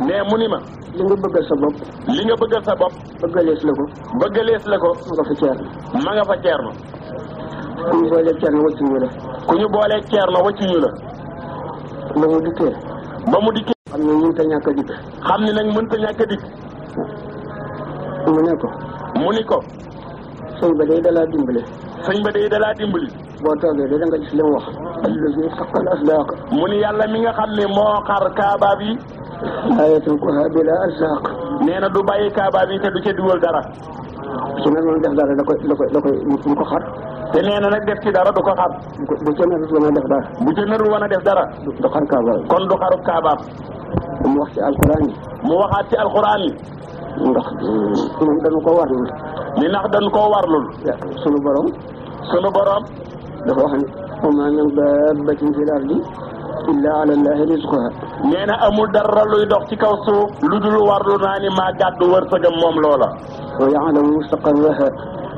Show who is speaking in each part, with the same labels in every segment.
Speaker 1: mais mu ni ma. li nga bëggal sa bopp. li nga bëggal sa bopp. bëggalees la ko. bëggalees la ko. ma nga fa ceerno.
Speaker 2: ma nga fa ceerno.
Speaker 1: ku ñu boolee ceerno wëccu ñu la. ñu boolee ceerno wëccu ñu la. ba mu dikkee. ba mu dikkee. xam ne
Speaker 2: mënut ta ñàkk a dikk.
Speaker 1: xam ne nag mënut a ñàkk a dikk. mu ne ko. mu ni ko. sëñ ba day dalaa dimbali. sëñ ba day dalaa dimbali. boo toogee da nga gis mu nga xam ne moo xar kaabaab yi.
Speaker 2: waaye turkuha bila alsaq
Speaker 1: nee na du bàyyi kaaba yi te du ca dugal dara
Speaker 2: su mel noonu def dara da koy da da koy mu ko xar
Speaker 1: te nee na nag def ci dara du ko xar
Speaker 2: bu ca narut woon a def dara
Speaker 1: bu ca narut woon a def dara
Speaker 2: du xar kaaba
Speaker 1: kon du xaru kaabaam mu wax ci alquran yi mu waxaat ci alquran yi ndax moom dañu ko warlul
Speaker 2: li ndax dañu koo warlul sunu borom sunu borom dafa wax ne wa maa min daabbatin fil ardi illaa ala llahi rizquha
Speaker 1: nee na amul dara luy dox ci kaw suuf lu dul warlu naa ni maa gàddu wërsëgam moom loola
Speaker 2: wa yaalamu mustaqarraha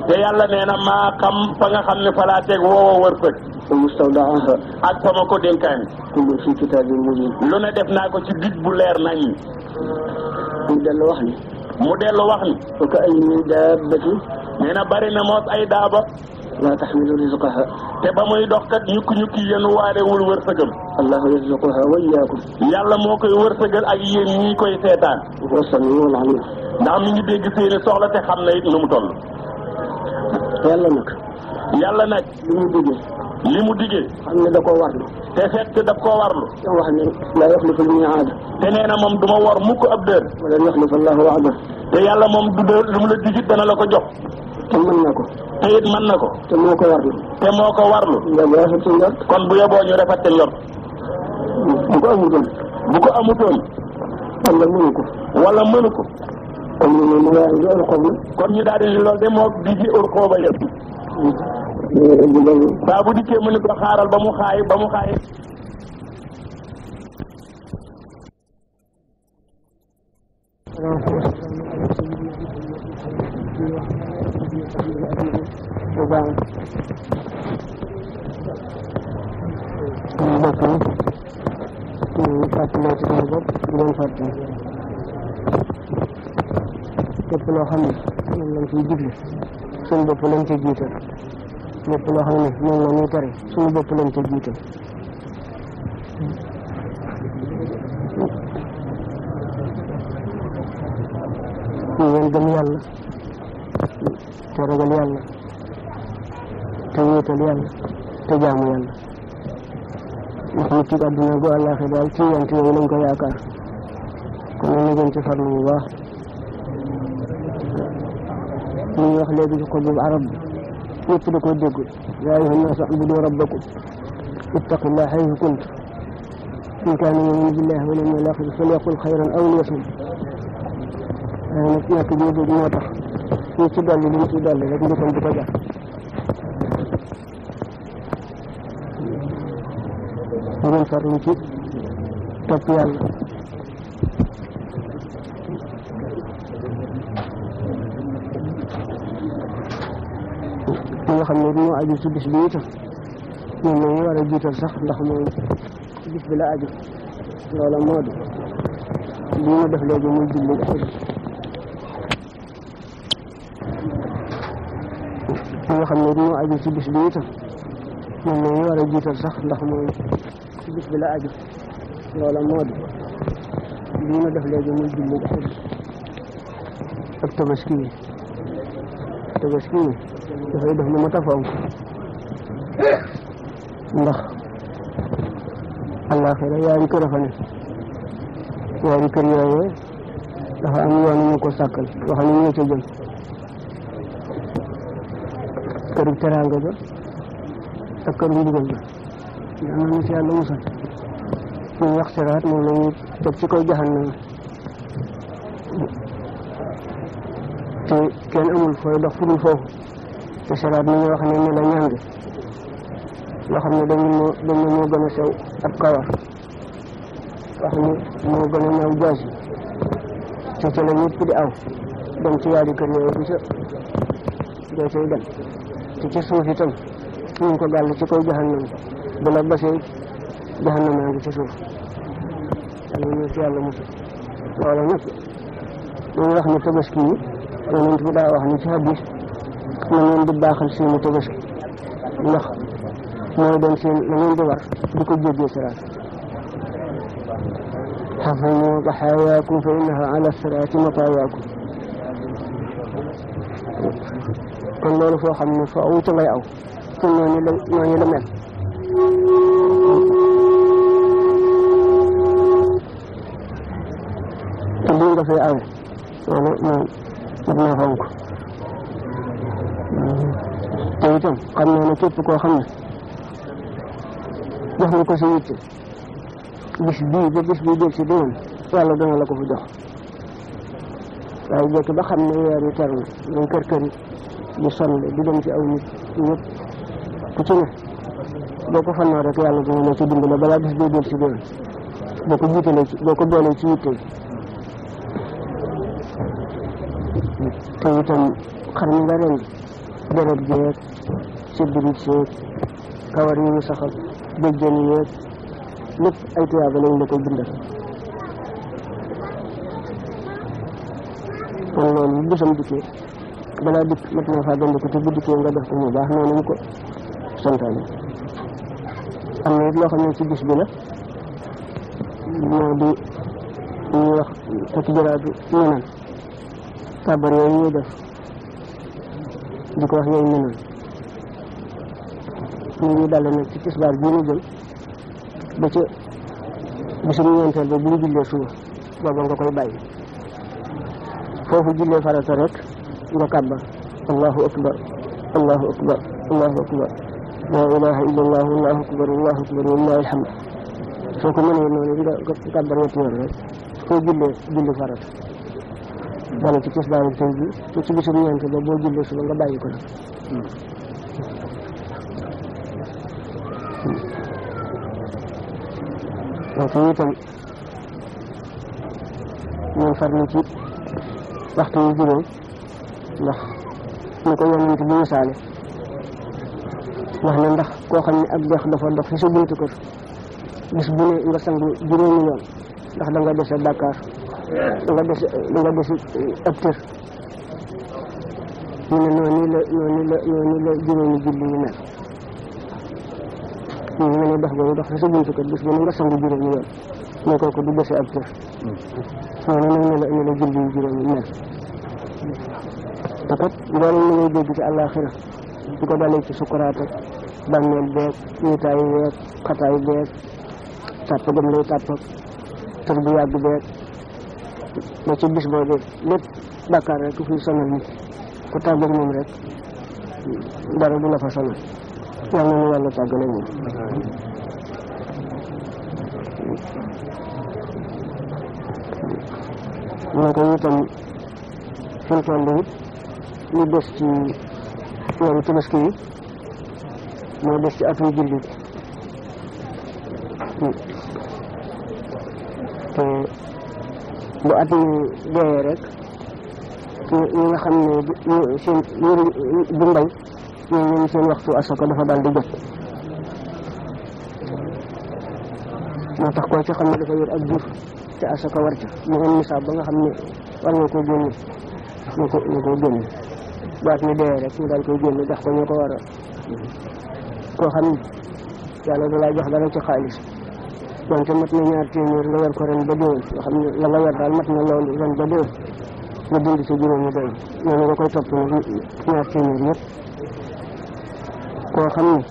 Speaker 1: te yàlla nee na maa xam fa nga xam ne falaa teg woowa wërsëg wa mustawdaaha ak sama ko dénkaan kullu fi kitaabin mubin def naa ko ci dig bu leer nañ mu dellu wax ni mu dellu wax ni wa ka ay min daabati nee bari na moos ay daaba laa taxmilu risqaha te ba muy dox kat ñukki ñukki yenu waarewul wërsëgam allahu yarzuquha wa iyaakum yàlla moo koy wërsëgal ak yéen ñii koy seetaan
Speaker 2: wa samiul alim
Speaker 1: ndax mi ngi dégg seeni soxla te xam na it nu mu toll yàlla nag yàlla nag li mu diggee li mu diggee xam ne da koo warlu te fekk daf koo warlu da wax ne laa yoxlifu l miiaad te nee na moom du ma war mukk ab dër wala yoxlifu allahu waada te yàlla moom du dër lu mu la digit dana la ko jox te man na ko te it mën na ko te moo ko warlu te moo ko warlu kon bu yóbboo ñu rafet njort bu ko bu ko amutoon wala mënu ko wala mënu ko
Speaker 2: kon ñu ne ma daal
Speaker 1: di loolu de moo di ji ur xooba yëpp saa bu dikkee mu ko xaaral ba mu xaay ba mu xaay
Speaker 3: Tuubaa kon mbokk yi ñu ngi fàttaloo ci suñu bopp di
Speaker 2: leen fàttali lépp loo xam ne moom lañ ciy digle suñu bopp la ñuy tere suñu bopp lañ ca jiital ñu yàlla te ragal yàlla te wéetal yàlla te jaamu yàlla ndax nit ki àdduna bu àllaaxee daal ci yant yooyu lañ ko yaakaar kon nag ñu gën ci farlu bu baax li ñuy wax léegi ci xutbu arab bi ñëpp da koo dégg yaa ayyuhan naas ubudu rabbakum ittaqullaah haysu kuntum in kaana yu'minu billaahi wal yawmil aaxiri falyaqul xayran aw liyasmut waaye nag ñàkk bi dégg moo tax ñu ci dolli li ñu ci dolli rek njëkkoon di ko jàpp
Speaker 3: da ngeen farlu ci topp yàlla ñi
Speaker 2: nga xam ne dañoo aju ci bis bi itam ñoom ñoo jiital sax ndax mooy bis bi la aju loola moo di lii ma def léegi muy julli affaire ñi aju ci bis bi itam ñoom ñoo jiital sax ndax mooy ci bis bi la aju loola moo di lii ma def léegi muy julli ak tabaski yi tabaski yi dafay def lu ma tafoon ndax àllaaxira yaari kër a fa ne yaari kër yooyee dafa am yoon ñu ko sàkkal wax ni ñoo ca jëm këru teraanga ga ak këru mbugal ga yàlla na si yàlla musal moom wax siraat moom la teg ci kaw jahannam te kenn amul fooy dox fudul foofu te siraat mi ñu wax ne ni la ñàng loo xam ne dañu moo dañu gën a sew ab kawar wax ni moo gën a ñaaw jaas yi te ca la aw dem ci kër yooyu bu ca doo cay dem te ca suuf itam ñu ko gàll ci kaw jahannam bu la basee jahannama ngi ci suuf yàlla ñu ci yàlla mos loola nag dañuy wax ne tabaski yi yonent bi daa wax ni ci hadis na ngeen di baaxal seeni tabaski ndax mooy doon seen la ngeen di war di ko jéggee siraat xafamu baxaayaakum fa innaha ala siraati matayaakum kon loolu foo xam ne foo aw ca ngay aw kon noonu la noonu la mel te bu nga fee amee loolu moom mat naa fonk mm-hmm. te itam xam naa ne képp koo xam ne jox nga ko sa yitte bis bii ba bis bii jël si dinañ yàlla dana la ko fa jox waaye jekk ba xam ne weer yu ter na ñoom kër kër yi di sonn di dem ci aw nit ñëpp ku ci ne boo ko fannoo rek yàlla dina la ci dimbale balaa bis bee del si boo ko jiitalee ci boo ko boolee ci yitte te itam xar mi nga rendi deret jeeg sibbiri seeg kawar yi ñu saxal bëjjën yeeg ay tuyaaba lañ la koy bindal kon loolu bu bisam dikkee balaa dikk mat na faa gënd ko te bu dikkee nga def ko mu baax noonu ñu ko santaane am na it loo xam ne ci bis la moo di ñuy wax takbiraatu minan kabar yooyu ñuy def di ko wax yooyu minan ñu ngi dale nag ci tisbaar bii ñu jëm ba ca bisum ñeenteel ba bu ñu jullee suba booba nga koy bàyyi foofu jullee farata rek nga kàbbar allahu akbar allahu akbar laa ilaha illa allah allahu akbar allahu akbar walillahi alhamd soo ko mënee noonu di nga kàbbar ñetti yoon rek soo jullee julli farat dana ci tis daanaka tey bi te ci bisum ñeent ba boo jullee suba nga bàyyi ko nag. donc hmm. yooyu itam ñoom farlu ci waxtu yu juróom ndax ni ko yonent bi misaale wax ne ndax koo xam ne ak dex dafa dox fi sa buntu kër bu ne nga sangu juróomi yoon ndax da nga dese bàkkaar
Speaker 3: da da nga dese
Speaker 2: ñu eh, ne la noonu la noonu la juróomi julli yi mel ñu ne bu ne nga sangu juróomi yoon mais kooku du dese ab tër noonu nag ne la ne juróomi mel te kat loolu dégg ci àllaaxira su ko dalee ci sukuraat bàmmeel beeg ñitaay beeg xataay beeg tàpp gëm lay tàpp tër bu yàgg beeg ba ci bis boobu lépp bàkkaar rek fi sonal nit ku tàggoog moom rek dara du la fa sonal yàlla na yàlla tàggale moom naka itam fi mu toll it ñu des ci weeru tabaski yi moo des ci atum julli te bu at mi deewee rek nga xam ne seen yëri du mbay ñoo seen waxtu asaka dafa daal di jot moo tax koo ci xam ne dafa yor ak jur te asaka war ca mu am misaab ba nga xam ne war nga ko génne nga ko nga ko génne bu at mi deewee rek ñu daal koy génne jox ko ñu ko war koo xam ne yàlla da laa jox dara ci xaalis donte mat na ñaar téeméer nga yor ko ren ba déwén nga la nga yor daal mat na loolu ren ba déwén nga dund ci juróomi doy noonu nga koy topp nag ñaar téeméer yëpp koo xam ne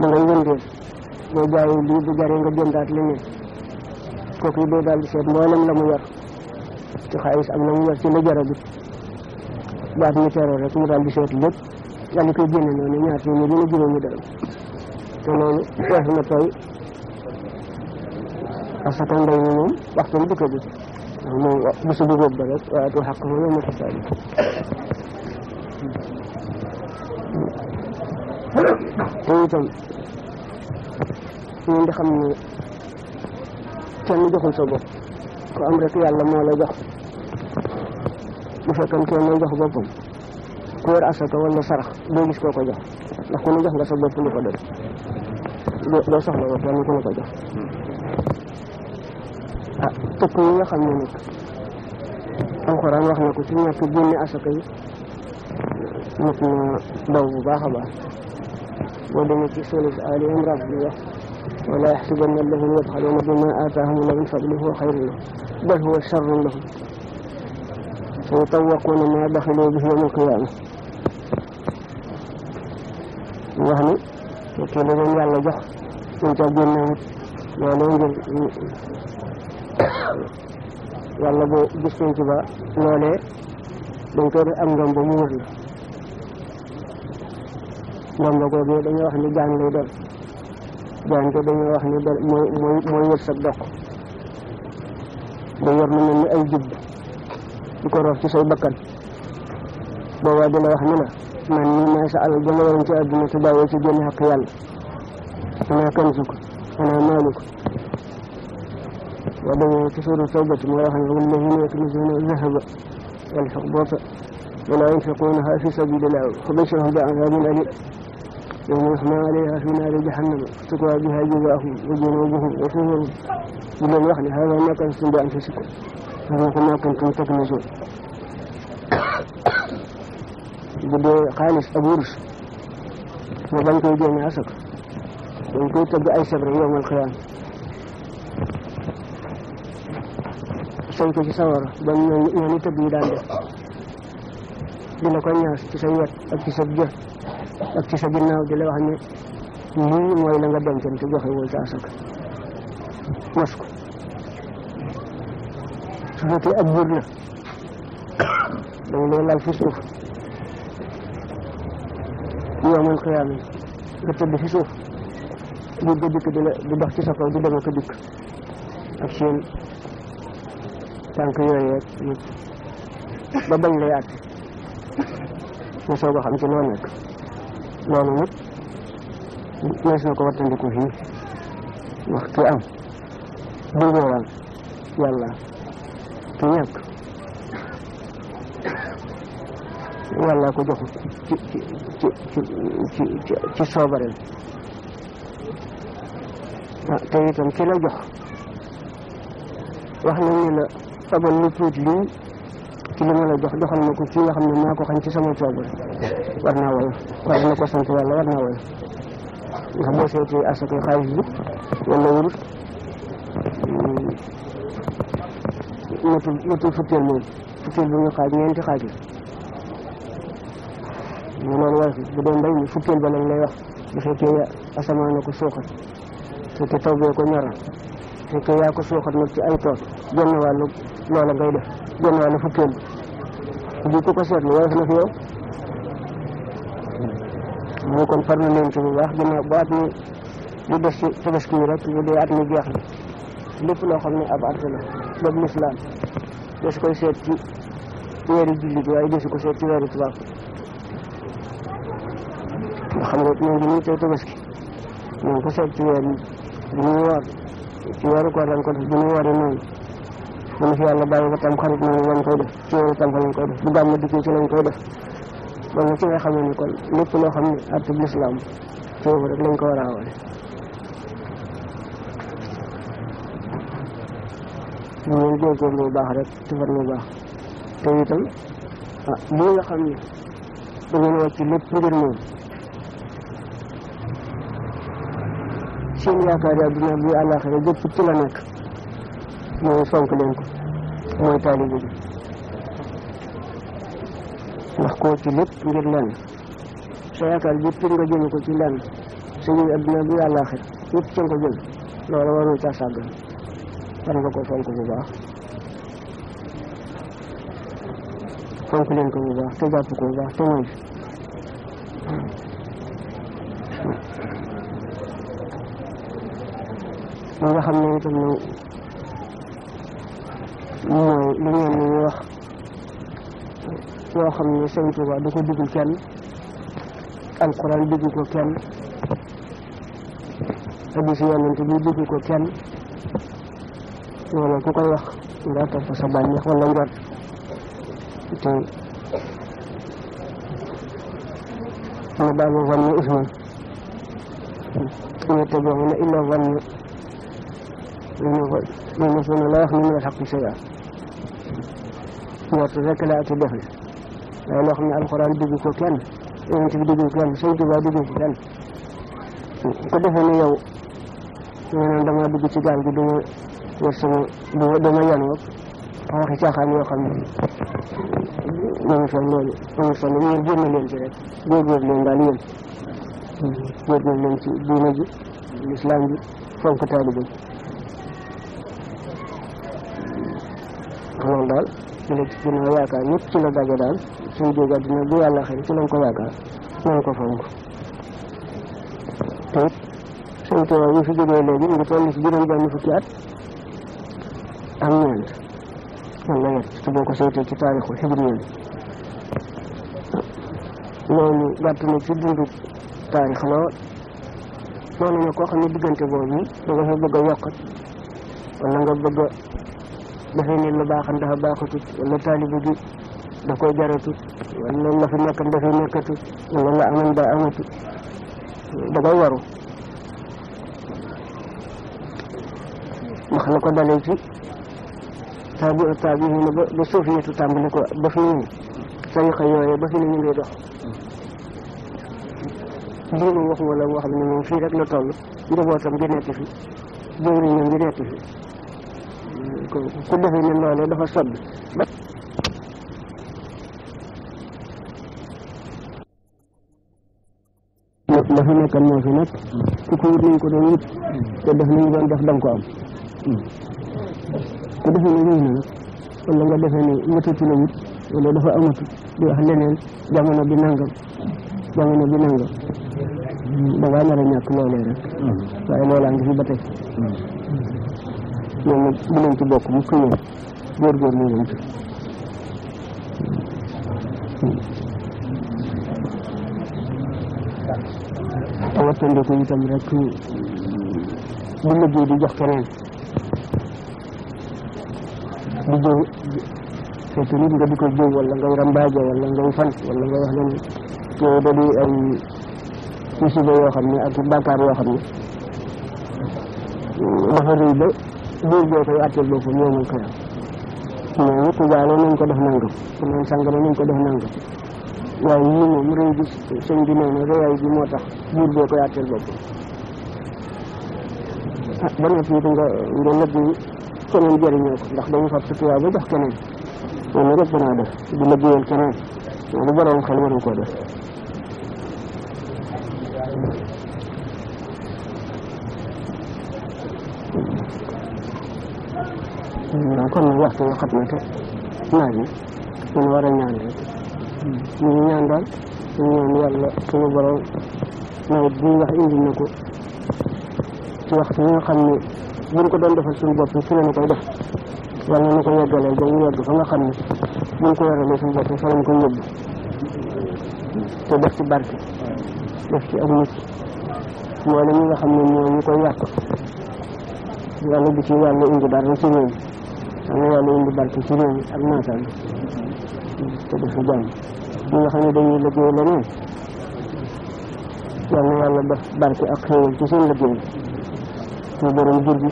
Speaker 2: da ngay wëndeel boo jaayee lii bu jaree nga jëndaat leneen kooku it day daal di seet mboolem la mu yor ci xaalis ak la mu yor ci la jaragut baat mi teroo rek mu daal di seet lépp yàlla koy génne noonu ñaar téeméer dina juróomi dërëm te loolu weex na tey asaka mbay mi moom waxtam di ko gis ndax moom bisu bu boobu ko saa te itam ñun di ne kenn joxul sa bopp ku am rek yàlla moo la jox bu fekkoon kenn jox wër asaka wala sarax doo gis koo ko jox ndax ku nu jox nga sa bopp lu ko doy doo soxla wo kenn ku nu ko jox hmm. ah tëkk yi nga xam ne nag alxuraan wax na ko ci ñàkk génne asaka yi nit na daw bu baax a baax boo demee ci solis Ali Imran bi wax wala yaxsibanna alladina yabxaluuna bima aataahumullahu min fadlihi huwa xayrun lahum bal huwa sharrun lahum sayutawwaquuna ma baxiluu bihi yawma alqiyaama mu wax ni fekkee la leen yàlla jox ñu ca génne wut loolu ngir yàlla bu gis ci ba loolee dañ koy def am ngëm ba mu wër la ngëm ba googee dañuy wax ni gaan lay doon gaan ko dañuy wax ni doon mooy mooy mooy wër sa dox da yor lu mel ni ay jubb di ko roof ci say bakkan boobaa dina wax ni na man nii naa sa alal ba ma waroon ci àdduna te daawoo ci génn xaq yàlla xanaa kan suk xanaa maaluk boo demee ci suuru tawbati moo wax ne wallazina yaknizuuna zahaba wal fiddata wala yunfiquunahaa fi sabilillah fabashirhum bi azaabin aliim yawma yuhmaa alayhaa fi naari jahannama fatukwaa bihaa jubaahum wa junuubuhum wa zuhuuruhum di leen wax ne haadaa maa kanaztum li anfusikum wa haadaa maa kuntum taknizuun bu dee xaalis ak wurus moo bañ koy génne asak dañ koy tëgg ay sebre yowmal xiyaam sañ ko ci sawara ba yi daan def dina ko ñaas ci sa ak ci sa jëf ci sa ginnaaw di la wax ne lii mooy la nga dencan te joxe woo ci asak su fekkee ab buur la lal fi suuf yowmal xiyaam nga tëdd ci suuf bu di dox ci sa kaw di dem ak dikk ak seen tànk yooyu yëpp ba bañ lay àtte nga xam ci loo nekk loolu nag nees na ko wattandiku fii waxtu am bu wóoral yàlla te ñàkk yàlla ko joxul ci ci ci ci ci soobareem te itam ki la jox wax nañ ne la fabal lu tuut lii ci li ma la jox joxal ma ko ci nga xam ne maa ko xañ ci sama coobare war naa woyof war na ko sant yàlla war naa woyof nga boo seetee asaka xaalis bi wala wurus mm, matul matul fukkeel moom fukkeel bi ñu xaaj ñeenti xaaj la mu noonu woyof bi bu dee mbay mi fukkeel ba lañ lay wax bu fekkee asamaan na ko suuxat fekkee taw bee ko ñoral fekkee yaa ko suuxat nag ci ay tool genn wàllu loola ngay def genn wàllu fukkeel bi bu ko ko seetlu woyof na fi yow mooy kon farlu leen ci bu baax ginnaaw bu at mi di des ci tabaski yi rek bu dee at mi jeex na lépp loo xam ne ab at la lépp lislaam des koy seet ci weeri jullit waaye desu ko seet ci weeri tubaab nga xam nga ñoom dañuy teew tabaski ñoom ku seet ci weer yi dañuy ci weeru koor ko def dañuy woore noonu bu ñu fi yàlla bàyyi ba tam xarit noonu lañ koy def ci weeru tam fa lañ koy def bu gàmm dikkee ci lañ koy def loolu nag ci nga xamee ni kon lépp loo xam ne artib lislaam foofu rek lañ ko war a awale ñu ngeen góorgóorlu bu baax rek te war lu baax te itam ah lii xam ne da ngeen wàcc lépp ngir moom seen yaakaar yi àdduna bi àllaaxira yëpp ci la nekk mooy fonk leen ko mooy taalibe bi ndax koo ci lépp ngir lenn sa yaakaar yëpp nga jëme ko ci lenn sa yëg àdduna bi àllaaxira yëpp ca nga ko jël loolu warul caa sàggan war nga ko fonk bu baax fonk leen ko bu baax te jàpp ko bu baax te mooy li nga xam ne itam mooy mooy li ngeen ni wax loo xam ne Sëñ Tuuba da ko digul kenn alquran diggu ko kenn hadiis yonent bi diggu ko kenn loolu ku koy wax nga topp sa bànneex wala njot te mu daal di wan ne Usmaan ne tegoon na illa mooy a na laa wax ni mu la xaqu seya woote rek laa ci la waaye loo xam ne alxuraan dugg ko kenn yonent bi dugg ko kenn suñ dugg kenn ko defee ne yow nga naan dama dugg ci gaal gi duma wër sama duma yan wop a waxi caaxaan yoo xam ne dama fen loolu amul solo yéen génn leen ci rek góorgóor leen daal yéen góorgóor leen fonk taalibe loolu daal mu ne ginnaaw yaakaar ñëpp ci la daje daal suñu jóg àddina bu yàlla xëy ci lañ ko yaakaar nañ ko fonk te it suñu tubaab yi fi jógee léegi ngi toll ci juróom benn fukki at ak ñeent man la yet boo ko seetee ci taarixu hijriya bi loolu gàtt na ci dundu taarix lool noonu ne koo xam ne diggante boobu da nga fa yokkat wala nga bëgg dafay ne lu baaxan dafa baaxatut wala taalibe gi daf koy jaratut wala la fi nekkan dafay nekkatut wala la amoon daa amati da koy waru ndax la ko dalee ci taabi taabi yi ne ba ba suufiyatu tàmbali ko ba fi ne tariqa yooyee dox diinu waxuma la wax ne moom fii rek la toll njabootam gi nekk fi jëwriñam gi nekk fi ko ku defee ne dafa sodd la fi nekkan moo ku ko wut nañ ko doon wut te def nañ doon def danga ko am ku defee ne wéy na nag wala nga defee ne matatu la wut wala dafa amatu di wax leneen jamono bi nangam jamono bi nangam da ngaa a ñàkk loolee rek mm-hmm. waaye loolaa ngi fi ba tey loolu bu leen ci bokk mu ko ñëw góorgóorlu leen ci te itam rek bu liggéey di jox keneen di jëw fekk nit nga di ko jëw wala ngay rambaaje wala ngay fan wala ngay wax leen yooyu da di ay yoo xam ne ak bàkkaar yoo xam ne dafa rëy ba buur boo koy àtteel boppam yoomal ko yàlla mais ñëpp jaale nañ ko def nangam su naan sàngara nañ ko def nangam waaye ñi moom réew bi sëñ bi nee na moo tax buur boo koy àtteel boppam ah ba noppi it nga nga lëbb keneen jëriñoo ko ndax dañu fab sa tuyaa ba jox keneen loolu rek danaa def di lëggéeyal keneen loolu borom xel waruñ ko def borom comme ni waxtu nga xam ne te naaj bi ñu war a ñaan rek hmm. ñu ngi ñaan daal ñu ñaan yàlla suñu borom nawet bi ñu wax indi na ko nga xam ne buñ ko doon defal suñu bopp fi la ñu koy def yàlla ko yeggalee ba ñu yegg fa nga xam ne ko yoralee suñu bopp fa lañ ko yóbbu te def ci barke def ci ak nit moo la ñi nga xam ne ñoo ñu koy yàq yàlla bi ci yàlla indi dara ci ñoom ñaan yàlla indi barke ci réew mi ak maatam te def fi jàmm ñi nga xam ne dañuy liggéey leneen yal na yàlla barke ak xéewal ci seen liggéey te borom jur gi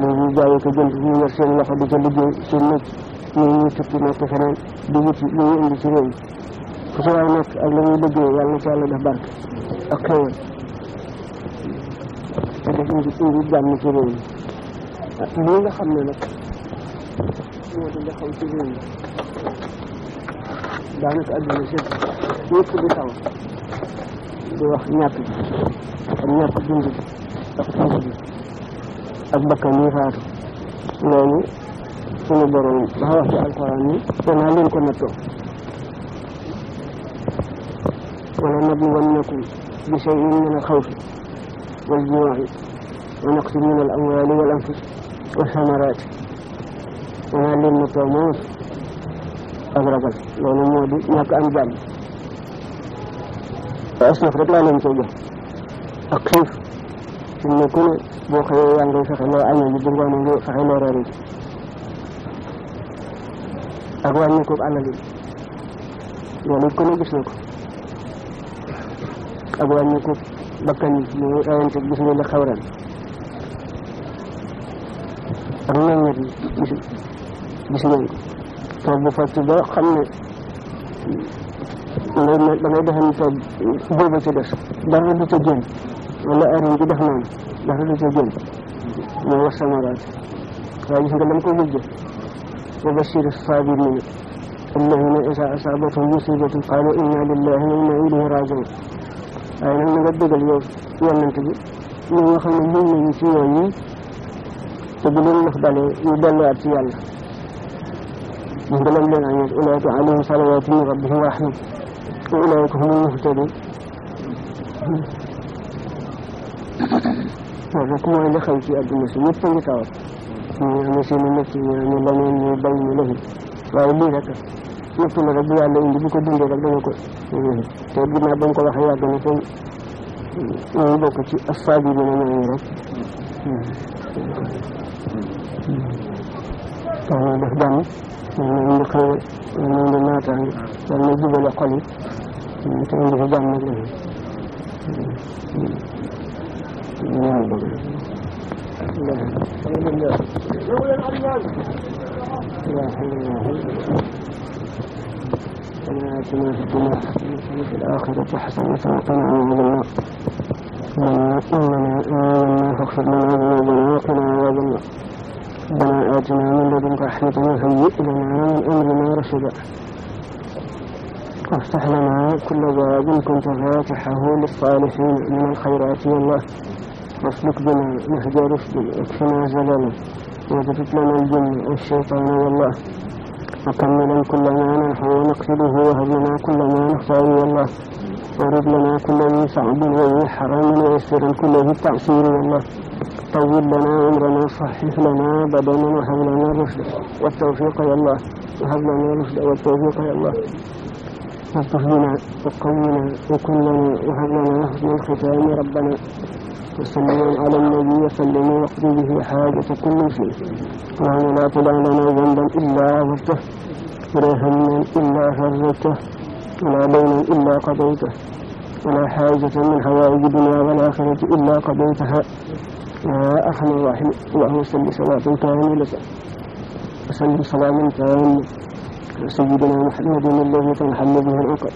Speaker 2: ñu jaayee ko jënd ñu yor seen loxo di ko liggéey seen nekk ñoo ñuy tukki nekk feneen di wuti lu ñu ci réew ku si ak la ñuy liggéey yàlla ci yàlla def barke ak xéewal te def ci réew mi li moo di xaw ci réew mi daanaka àdduna sëpp ñëpp di taw di wax ñàkk bi ak ñàkk dund bi ak fas bi ak bakkan yi faatu loolu suñu borom dafa wax ci alxuraan ni danaa leen ko nattoo wala nabluwannakum bi shay'in min al-khawfi wal-juu'i wa naqsin min al-amwaali wal-anfusi wa-th-thamaraati maanaam leen mu too moos ragal loolu moo di ñàkk am jàmm asnaf rek laa leen cee jox ak xiif fi ne ku ne boo xëyee ngay fexe loo añee bu ngoonee nga fexe reere ji ak wàññi ko alal loolu ku ne gis na ko ak wàññi ko xawran ak meññet yi gis nañ ko toog bu ba xam ne dangay mel dangay booba ci des dara wala arin bi def noonu dara du ca génn moo wax samaraat waaye gis nga lam ko mujje wa bashir saabirina alladina isa asaabatum musibatun qaalu inna lillahi wa inna ilayhi rajiun waaye nag na nga dëggal yow yonent bi ñi nga xam ne muñ nañu ci yoon yi te bu leen naf dalee ñu delluwaat ci yàlla ñu dalal leen añet ulaika alayhim salawatu min rabbihim wa rahma wa ulaika humul muhtadun loolu rek mooy li xew ci àdduna si ñëpp a ngi tawat ñu amee seeni mécc ñu amee leneen ñu bay ñu lëfi waaye lii rek ñëpp la rek bu yàlla indi bu ko dundee rek dana ko te ginnaaw ba mu ko waxee yàgg na kon ñooñu bokk ci assaabi bi na ñooñu rek tax na def jàmm yal na indi xéewal yal na indi naataange yal na jubale xol yi te indi fa jàmm ak leneen ñaan bëgg ربنا آتنا في الدنيا حسنة وفي الآخرة حسنة وقنا عذاب النار ربنا إننا آمنا فاغفر لنا ذنوبنا وقنا عذاب النار ربنا آتنا من لدنك رحمة وهيئ لنا من أمرنا رشدا وافتح لنا كل باب كنت فاتحه للصالحين من الخيرات يا الله واسلك بنا نهج رشد واكفنا زلالا واجفت لنا الجن والشيطان يا الله وكملا كل ما ننحو ونقصده وهدنا كل ما نخطئ يا الله ورد لنا كل من صعب ومن حرام ويسر الكل بالتعسير يا الله طول لنا أمرنا وصحح لنا بدنا وهب لنا الرشد والتوفيق يا الله وهب لنا الرشد والتوفيق يا الله واصطفنا وقونا وكلنا وهب لنا حسن الختام ربنا وسلموا على النبي وسلموا واقضي به حاجة كل شيء اللهم لا تدع لنا ذنبا إلا غفرته ولا هما إلا فرجته ولا دينا إلا قضيته ولا حاجة من حوائج الدنيا والآخرة إلا قضيتها يا أرحم الراحمين اللهم صل صلاة كاملة وسلم سلاما تاما سيدنا محمد الذي تنحل به العقد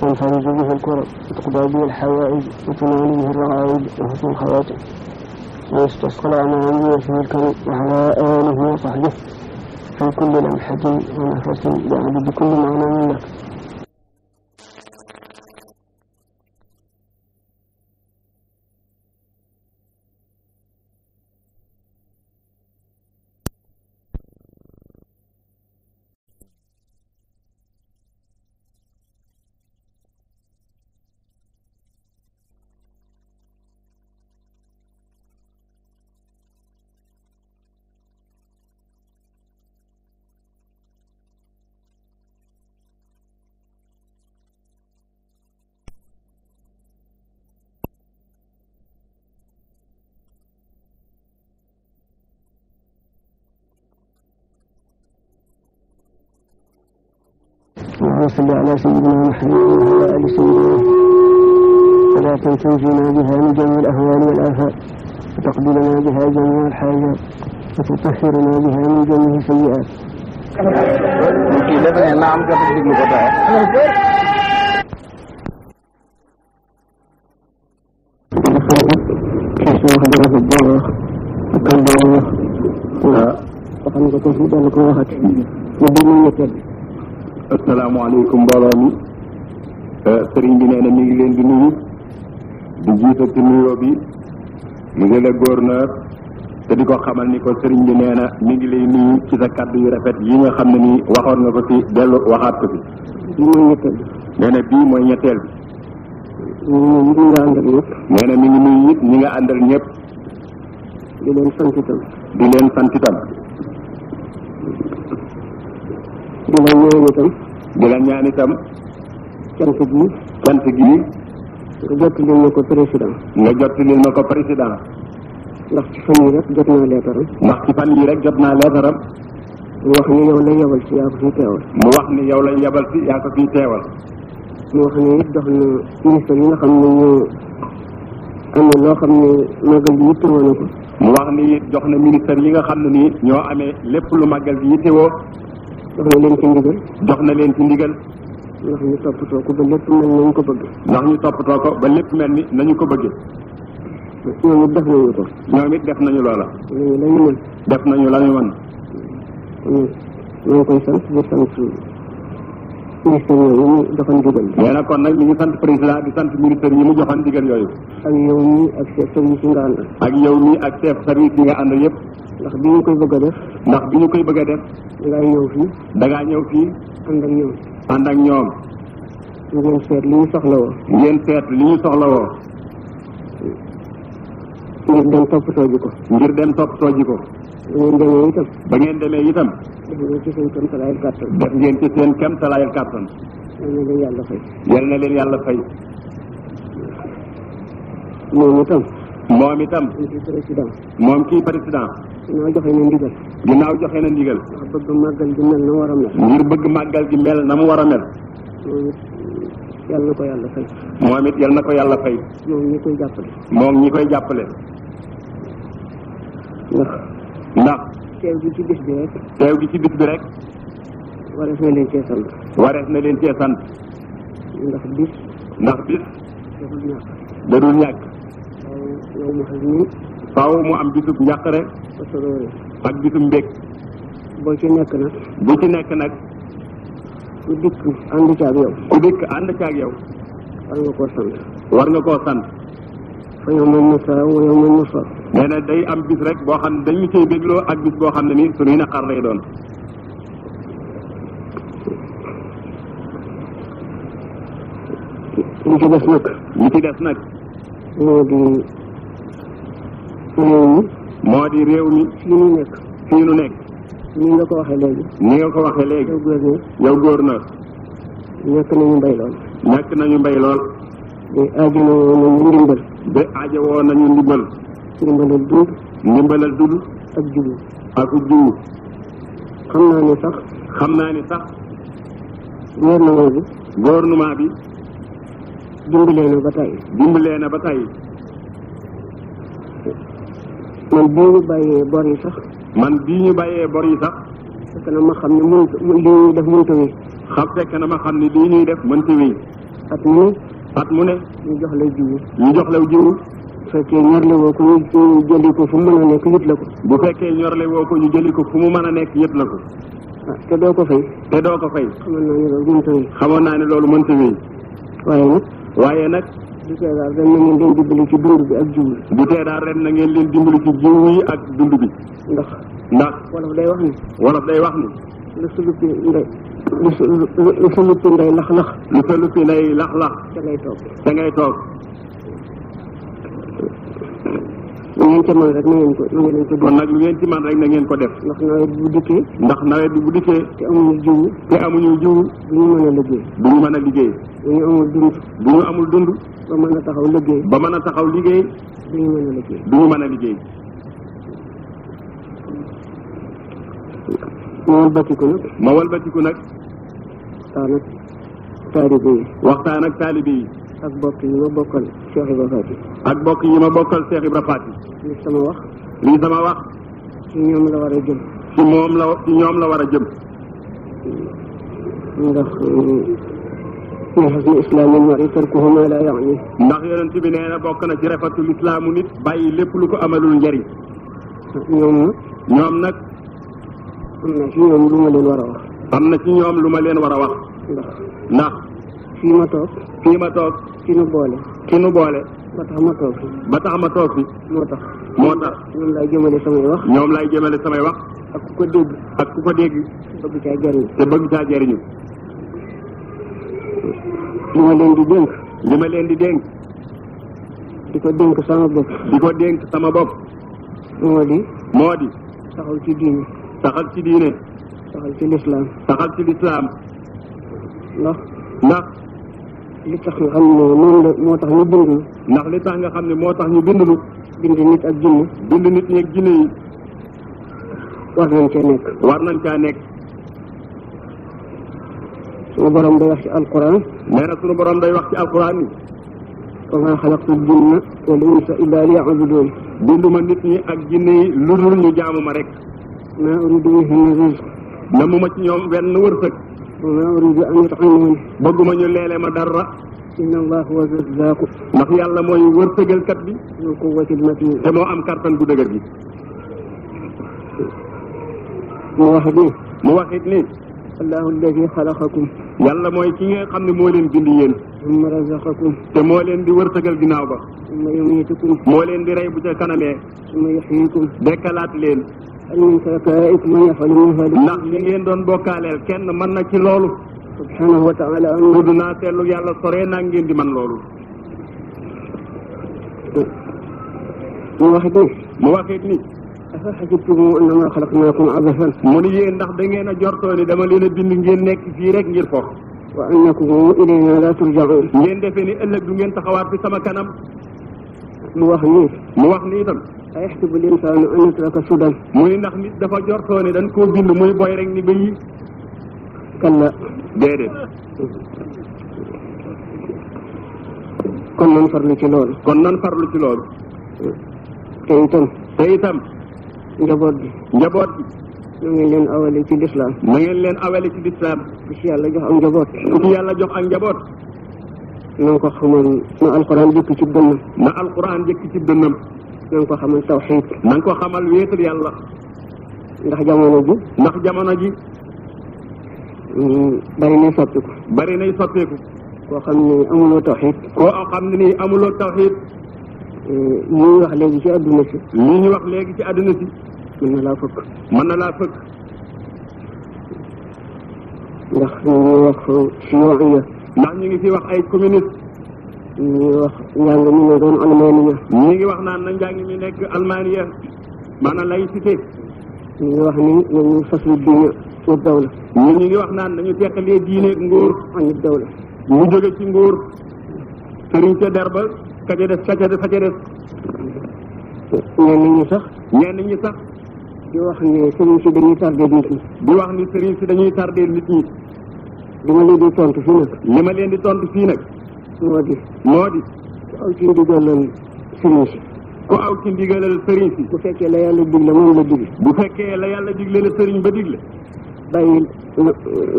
Speaker 2: تنفرج به الكرب وتقضى به الحوائج وتنال به الرعائج وحسن الخواتم ويستسقى الأمام وفيه الكرم وعلى آله وصحبه
Speaker 3: في كل لمحة ونفس بعد بكل معنى منك صل على سيدنا محمد
Speaker 2: وعلى آل سيدنا ولا تنسوجنا بها من جميع الأهوال والآفات وتقبلنا بها جميع الحاجات وتطهرنا بها من جميع السيئات
Speaker 1: नाम का कुछ नहीं पता है
Speaker 2: وكان وخم ko ko ko ko ko ko ko ko ko
Speaker 1: ko ko ko ko asalaamaaleykum mbooloo mi eh, sëriñ bi nee na mi ngi leen di nuyu di jiital ci nuyoo bi monsieur le gouverneur te di ko xamal ni ko sëriñ bi nee na mi ngi lay nuyu ci sa kàddu yu rafet yi nga xam ne nii waxoon nga ko fi dellu waxaat ko fi. bii mooy ñetteel bi. nee na bii mooy ñetteel bi. ñi nga àndal ñëpp. nee na mi ngi nuyu it ñi nga àndal ñëpp. di leen sant itam. di leen sant itam. di la ñaan itam. di la ñaan itam. cant gi. cant gi. nga jottalil ma ko président. nga jottalil ma ko président. ndax ci fan yii rek jot naa leetaram. ndax ci fan yii rek jot naa leetaram.
Speaker 2: mu wax ni yow lañ yebal si yaa ko fiy teewal. mu wax ni yow lañ yebal si yaa ko fiy teewal. mu wax jox na ministre yi nga xam ne ñu am loo xam ne màggal gi yittewoo na ko.
Speaker 1: mu wax ni jox na ministre yi nga xam ne nii ñoo amee
Speaker 2: lépp lu màggal
Speaker 1: gi yittewoo. jox na leen ci ndigal. jox na leen ci ndigal. ndax ñu toppatoo ko ba lépp mel nañu ko bëgg. ndax ñu toppatoo ko ba lépp mel ni nañu ko bëggee. ñoom it def nañu ko. ñoom it def nañu loola.
Speaker 2: def nañu la ñu mën.
Speaker 1: def nañu la ñu
Speaker 2: mën. ñu ngi koy sant di sant. ministère yooyu ñu joxoon ndigal. nee na
Speaker 1: nag ñu ngi sant président di sant ministère yi mu joxoon ndigal yooyu.
Speaker 2: ak yow mii ak service yi nga ànd.
Speaker 1: ak yow mii ak chef service yi nga ànd yëpp. ndax bi ñu koy bëgg a def. ndax bi ñu koy bëgg a def. dangaa ñëw fii. dangaa ñëw fii. ànd ak ñoom. ànd ak ñoom.
Speaker 2: ngeen seet lu ñu soxla woo. ngeen
Speaker 1: seet li ñu soxla woo.
Speaker 2: ngir dem toppatoo ji ko. ngir dem toppatoo ji ko. ba
Speaker 1: ngeen demee itam. ba ngeen demee itam.
Speaker 2: def ngeen ci seen kéemtalaayal kàttan. def ngeen ci seen
Speaker 1: kéemtalaayal kàttan.
Speaker 2: yal na leen yàlla fay. yal na leen yàlla fay. moom itam.
Speaker 1: moom itam. moom kii moom kii président.
Speaker 2: ginnaaw joxe na ndigal.
Speaker 1: ginnaaw joxe na a mel. ngir bëgg màggal gi mel na mu war a mel.
Speaker 2: yal ko yàlla fay.
Speaker 1: moom it yal na ko yàlla fay.
Speaker 2: moom ñi koy jàppale. moom
Speaker 1: ñi koy jàppale. ndax. teew gi ci bis bi rek. teew gi ci bis bi rek. warees na leen cee sant. warees na leen cee sant. ndax bis. ndax ñàkk. dadul mu am bisub njàqare. ak bisub mbég.
Speaker 2: boo ci nekk nag.
Speaker 1: bu ci nekk nag.
Speaker 2: ku dikk ànd caag yow. ku dikk ànd caag yow. war nga koo sant.
Speaker 1: war nga koo sant.
Speaker 2: fa yawmal musaa wa
Speaker 1: yawmal musaa nee day am bis rek boo xam ne dañ cay bégloo ak bis boo xam ne ni suñuy naqar lay doon
Speaker 2: li ci des nag li ci des nag moo di réew mi moo di réew mi fii nu nekk fii nu nekk nii nga ko waxee léegi nii nga ko waxee léegi yow góor na yow góor na ñàkk nañu mbay lool
Speaker 1: ñàkk nañu mbay lool
Speaker 2: day aajowoo nañu
Speaker 1: ba aajowoo nañu ndimbal. ndimbalal dund. ndimbalal dund. ak jublu. ak jublu. xam naa ne sax.
Speaker 2: xam naa ne sax. gouvernement bi. gouvernement bi. dimbalee na ba tey. dimbalee na ba tey. man bii ñu bàyyee bor yi sax.
Speaker 1: man bii ñu bàyyee bor sax.
Speaker 2: fekk na ma xam ne mënut li ñuy def mënut a
Speaker 1: xam fekk na ma xam ne lii ñuy def mënut a wéy.
Speaker 2: at at mu ne ñu jox lay jiwu ñu jox lay jiwu bu fekkee ñorle
Speaker 1: ko ñu ko fu mu mën bu fekkee ñorle woo ko ñu jëli ko fu mu mën a nekk yëpp la ko ah te doo ko fay te doo ko fay xamoon naa ne loolu mënta wéy
Speaker 2: xamoon naa ne loolu mënta wéy waaye nag waaye nag bu tee daal ren na ngeen leen dimbali ci dund bi ak jiw bi bu
Speaker 1: tee daal ren na ngeen leen dimbali
Speaker 2: ci jiw yi ak dund bi ndax ndax wolof day wax ni wolof day wax ni lu sulupi ndey lu sulupi ndey lax lax lu sulupi ndey lax lax da ngay toog da ngay toog lu ngeen ci man rek na ngeen ko na ngeen ko kon nag lu ngeen ci man rek na ngeen ko def ndax nawet bu dikkee ndax
Speaker 1: nawet bi bu dikkee te
Speaker 2: amuñu jiwu te amuñu jiwu du ñu mën
Speaker 1: a liggéey du ñu bu ñu amul dund bu mën a taxaw liggéey ba mën a taxaw liggéey du ñu mën a liggéey
Speaker 2: ma walbatiku nag. ma
Speaker 1: walbatiku nag. waxtaan ak taalibe yi. waxtaan ak taalibe
Speaker 2: ak bokk yi ma bokkal Cheikh Ibra Faty. ak bokk yi ma bokkal Cheikh Ibra Faty. lii sama wax. lii sama wax. ci ñoom la war a jëm. ci moom la ci ñoom la war a jëm. ndax min xusni
Speaker 1: nee na bokk na ci rafetu islaamu nit. bàyyi lépp lu ko amalul njariñ. ñoom nag. am na ñoom lu ma leen war a wax. am na ci ñoom lu ma leen war a wax. ndax ndax. fii ma toog.
Speaker 2: fii ma toog. ki nu boole. ki nu boole. ba tax ma toog bi ba moo tax. moo tax ñoom laay jëmale samay wax. ñoom
Speaker 1: laay jëmale samay wax.
Speaker 2: ak ku ko dégg. ak ku ko
Speaker 1: dégg. bëgg caa jariñu. te bëgg caa jariñu. li ma leen di dénk. li ma leen di dénk. di ko dénk sama bopp. di ko dénk sama bopp. moo di. moo di. taxaw ci diine. saxal ci diine.
Speaker 2: saxal ci lislaam.
Speaker 1: saxal ci lislaam.
Speaker 2: ndax. ndax. li tax nga xam ne moo tax ñu bind. ndax
Speaker 1: li tax xam ne moo tax ñu
Speaker 2: bind nit ak jinne. bind nit ñi ak jinne yi. war nañ caa nekk. war nañ caa nekk. sunu borom day wax ci alquran. nee na
Speaker 1: sunu day wax ci alquran yi.
Speaker 2: wa maa xalaqtu jinna wal insa illa liya'budun.
Speaker 1: binduma nit ñi ak jinne yi lu dul ñu jaamu rek. maa uridu minhum ci ñoom wenn wërsëg wa maa uridu an yut'imun bëgguma ñu leele ma dara inna allah huwa razzaqu ndax yàlla mooy wërsëgalkat bi dul quwwatil matin te moo am kartan bu dëgër bi mu waxit ni mu waxit ni allahu alladi xalaqakum yàlla mooy ki nga xam ne moo leen bind yéen te moo leen di wërsëgal ginnaaw ba moo leen di rey bu ca kanamee summa yuhyikum dekkalaat leen
Speaker 2: ndax li
Speaker 1: ngeen doon bokkaaleel kenn mën na ci loolu.
Speaker 2: subhaanahu wa taala tudd naa
Speaker 1: seetlu yàlla sore naa ngeen di man loolu. mu waxit ni. mu waxit
Speaker 2: ni. afa xajibtum annamaa xalaqnaakum abathan. mu ni
Speaker 1: yéen ndax da a jortoo ni dama leen a bind ngeen nekk fii rek ngir foofu. wa annakum
Speaker 2: ilaynaa laa turjaun. ngeen
Speaker 1: defee ni ëllëg du ngeen taxawaat fi sama kanam.
Speaker 2: mu wax nii. mu wax nii itam. ay yaxtibu linsaanu an yutraka sudan. muy
Speaker 1: ndax nit dafa jortoo ne dañ koo bind muy boy rek ni ba
Speaker 2: yii. kalla. déedéet. kon nan farlu ci loolu.
Speaker 1: kon nan farlu ci loolu.
Speaker 2: te itam. njaboot bi. njaboot gi na leen awale ci lislaam. na ngeen
Speaker 1: leen awale ci lislaam. ku yàlla
Speaker 2: jox ak njaboot. ku
Speaker 1: yàlla jox ak njaboot.
Speaker 2: na nga ko xamal na alquran jëkk ci dënnam
Speaker 1: na alquran jëkk ci dënnam na
Speaker 2: ko xamal tawxiid
Speaker 1: na ko xamal wéetal yàlla
Speaker 2: ndax jamono ji ndax jamono ji mm, bari nay soppiku
Speaker 1: bari nay soppiku
Speaker 2: koo xam ne amuloo tawxiid koo xam ne amuloo tawxiid mm, li wax léegi ci àdduna si li wax
Speaker 1: léegi ci àdduna si mën na laa fëkk mën na laa fëkk
Speaker 2: ndax ñu wax si yow ndax ñu ngi fi wax ay communiste ñu ngi wax njàng mi ne doon almaniya
Speaker 1: ñu ngi nekk almaniya maanaam ñu
Speaker 2: ngi wax ni nañu faslu diine wa dawla ñu ngi
Speaker 1: wax naan nañu teqalee diine ak nguur ani dawla mu jóge ci nguur sëriñ ca derba ka ca des ka ca des ka sax ñenn sax di wax ni sëriñ si dañuy tardé nit ñi di wax ni sëriñ si dañuy tardé nit ñi li ma leen di tontu fii nag. li ma leen di tontu fii nag. moo di. moo di. ku aw ci ndigalal sëriñ si. ku aw ci
Speaker 2: ndigalal sëriñ si. bu fekkee la yàlla digle moom la digle.
Speaker 1: bu fekkee la yàlla digle la sëriñ ba digle.
Speaker 2: bàyyi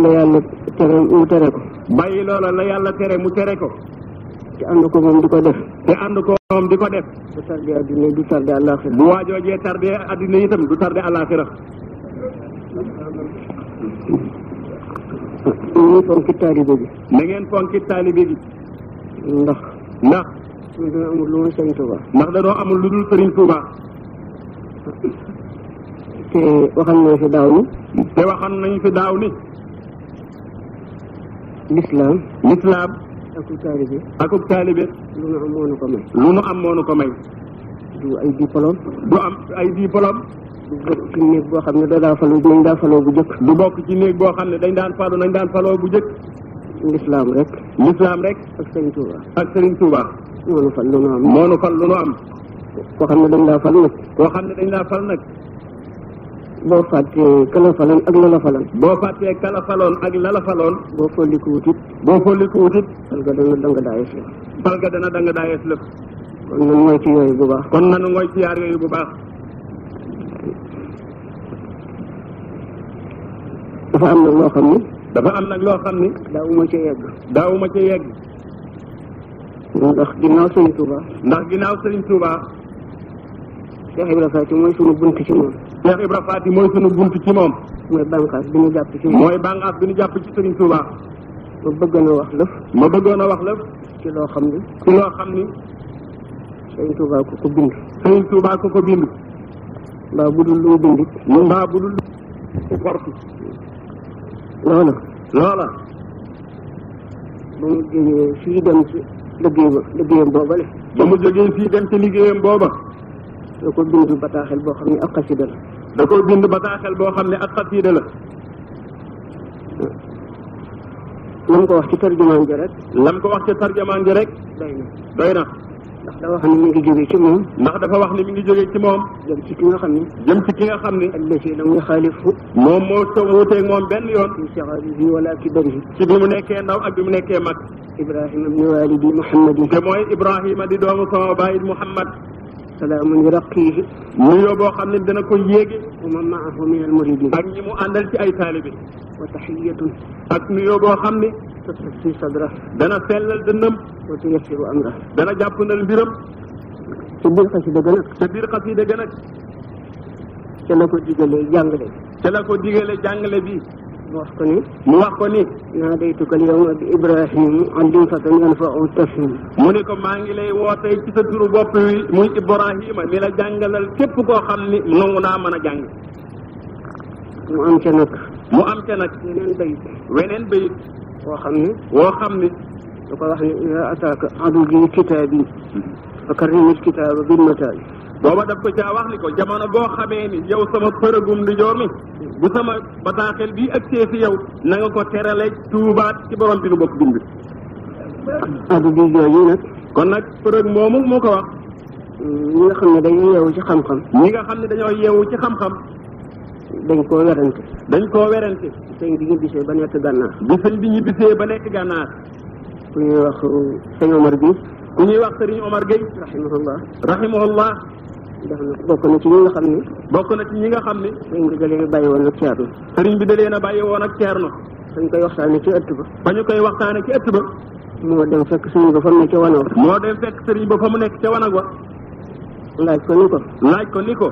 Speaker 2: la yàlla tere mu tere ko.
Speaker 1: bàyyi loola la yàlla tere mu tere ko.
Speaker 2: te ànd ko moom di ko def. te ànd ko moom di ko def. du tardé adduna du
Speaker 1: tardé àllaaxira. bu waajoojee tardé adduna itam du tardé àllaaxira.
Speaker 2: na ngeen fonki taalibe gi. na ngeen ndax.
Speaker 1: ndax. ndax dañoo
Speaker 2: amul lu dul lu dul Serigne Touba. te waxoon fi daaw ni.
Speaker 1: te waxoon nañu fi daaw nu am moo ko may. lu nu am moo ko may.
Speaker 2: du ay diplôme. du
Speaker 1: am ay diplôme.
Speaker 2: du bokk ci néeg boo xam ne da daa faloo nañ daa faloo bu jëkk du
Speaker 1: bokk ci néeg boo xam ne dañ daan faloo nañ daan faloo bu jëkk
Speaker 2: lislaam rek lislaam rek ak sëriñ Touba ak sëriñ Touba moo nu fal lu nu am moo nu fal lu nu am koo xam ne dañ daa fal nag koo xam ne dañ daa fal nag boo fàttee kala faloon ak lala faloon
Speaker 1: boo fàttee kala faloon ak lala faloon
Speaker 2: boo folliku wutit boo folliku wutit fal ga dana danga daa yees lëf
Speaker 1: fal ga dana danga daa
Speaker 2: kon nanu mooy ci bu baax kon nanu
Speaker 1: mooy ci yaar bu baax dafa am nag loo xam ni. dafa am nag loo xam ni. daawuma ca yegg. daawuma ca yegg.
Speaker 2: ndax ginnaaw Serigne Touba.
Speaker 1: ndax ginnaaw Serigne Touba.
Speaker 2: Cheikh Ibra Faati mooy sunu bunt ci moom. Cheikh Ibra mooy sunu bunt ci moom. mooy bànqaas bi ñu jàpp ci. mooy
Speaker 1: bànqaas bi nu jàpp ci Serigne Touba.
Speaker 2: ma bëggoon wax lëf. ma bëggoon a wax lëf. ci loo xam ni. ci loo xam ni. Serigne Touba ko ko bind. Serigne
Speaker 1: Touba ko ko bind. mbaa budul lu mu bind. mbaa budul lu mu portu. loolu loola
Speaker 2: ba mu jógee fii dem ci liggéey ba liggéeyam booba le ba mu jógee fii dem ci liggéeyam booba da ko bind bataaxel boo xam ne ak xasida la da ko
Speaker 1: boo xam ne ak xasida la
Speaker 2: lam ko wax ci tarjumaan ji rek lam
Speaker 1: ko wax ci tarjumaan ji rek doy na doy na dafa
Speaker 2: wax ni mi ngi jógee ci moom
Speaker 1: ndax dafa wax ni mi ngi
Speaker 2: jógee ci moom jëm ci ki nga xam ne jëm ci ki nga xam ne allaci la muy xaalifu moom moo so wuuteeg moom benn yoon ci saxaabihi wala kibarihi ci bi mu nekkee
Speaker 1: ndaw ak bi mu nekkee mag ibrahima ibni walidi muhammadin te mooy ibrahima di doomu sama baay muhammad salaamun yuraqqihi nuyoo boo xam ne dana ko yéege wa man maahu min al muridin ak ñi mu àndal ci ay taalibe wa ak nuyoo boo xam ne tasfi sadra dana sellal
Speaker 2: dënnam wa tuyassiru amra dana
Speaker 1: jàppandal mbiram
Speaker 2: ci biir xasida ga nag ci
Speaker 1: biir xasida ga nag
Speaker 2: ca la jàngale
Speaker 1: ca la ko digalee jàngale
Speaker 2: bi mu wax ko ni. mu wax ko ni. naa day tukkal yow ma bi Ibrahim an dim fatan yan fa aw tafhim. mu ne ko
Speaker 1: maa ngi lay woote ci sa turu bopp muy Ibrahima li la jàngalal képp koo xam ni nangu naa mën a jàng. mu am ca nag. mu am ca nag. weneen bayit. weneen bayit.
Speaker 2: woo xam ni woo xam ne. da ko wax ne ida ataaka aduwwi kitaabi. fa karrimil kitaaba bil mataabi booba
Speaker 1: daf ko caa wax ni ko jamono boo xamee ni yow sama përëgum di mi bu sama bataaxel bi ak see si yow na nga ko terale tuubaat ci borom bi nu bokk dund. bi kon nag përëg moomu moo ko wax. ñi nga xam ne dañoo yeewu ci xam-xam. ñi nga xam ne dañoo yeewu ci xam-xam. dañ koo werante. dañ koo
Speaker 2: werante. sëñ bi ñibbisee ba nekk gànnaar. bu sëñ bi
Speaker 1: ñibbisee ba nekk gànnaar.
Speaker 2: ku ñuy wax sëñ Omar Gueye. ku ñuy wax sëriñ Omar Gueye. rahimahullah rahimahullah
Speaker 1: def na bokk na ci ñi nga xam ne bokk na ci ñi xam ne sëriñ bi da leen bàyyi woon ak ceerno sëriñ bi da leen a bàyyi woon ak ceerno
Speaker 2: dañ koy waxtaane ci ëtt ba
Speaker 1: ba ñu koy waxtaane ci ëtt ba
Speaker 2: moo dem fekk sëriñ ba fa mu nekk ca wanag wa moo
Speaker 1: dem fekk sëriñ ba fa mu nekk ca wanag wa laaj ko ni ko laaj ko ni ko